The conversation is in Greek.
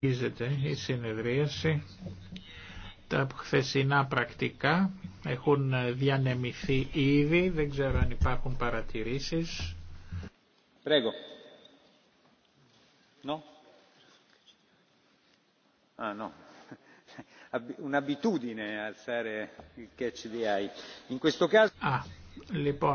Συνεχίζεται η συνεδρίαση. Τα χθεσινά πρακτικά έχουν διανεμηθεί ήδη. Δεν ξέρω αν υπάρχουν παρατηρήσεις. Πρέγω. Νο. Α, νο. Un'abitudine alzare il catch the eye. In questo caso... Ah, λοιπόν.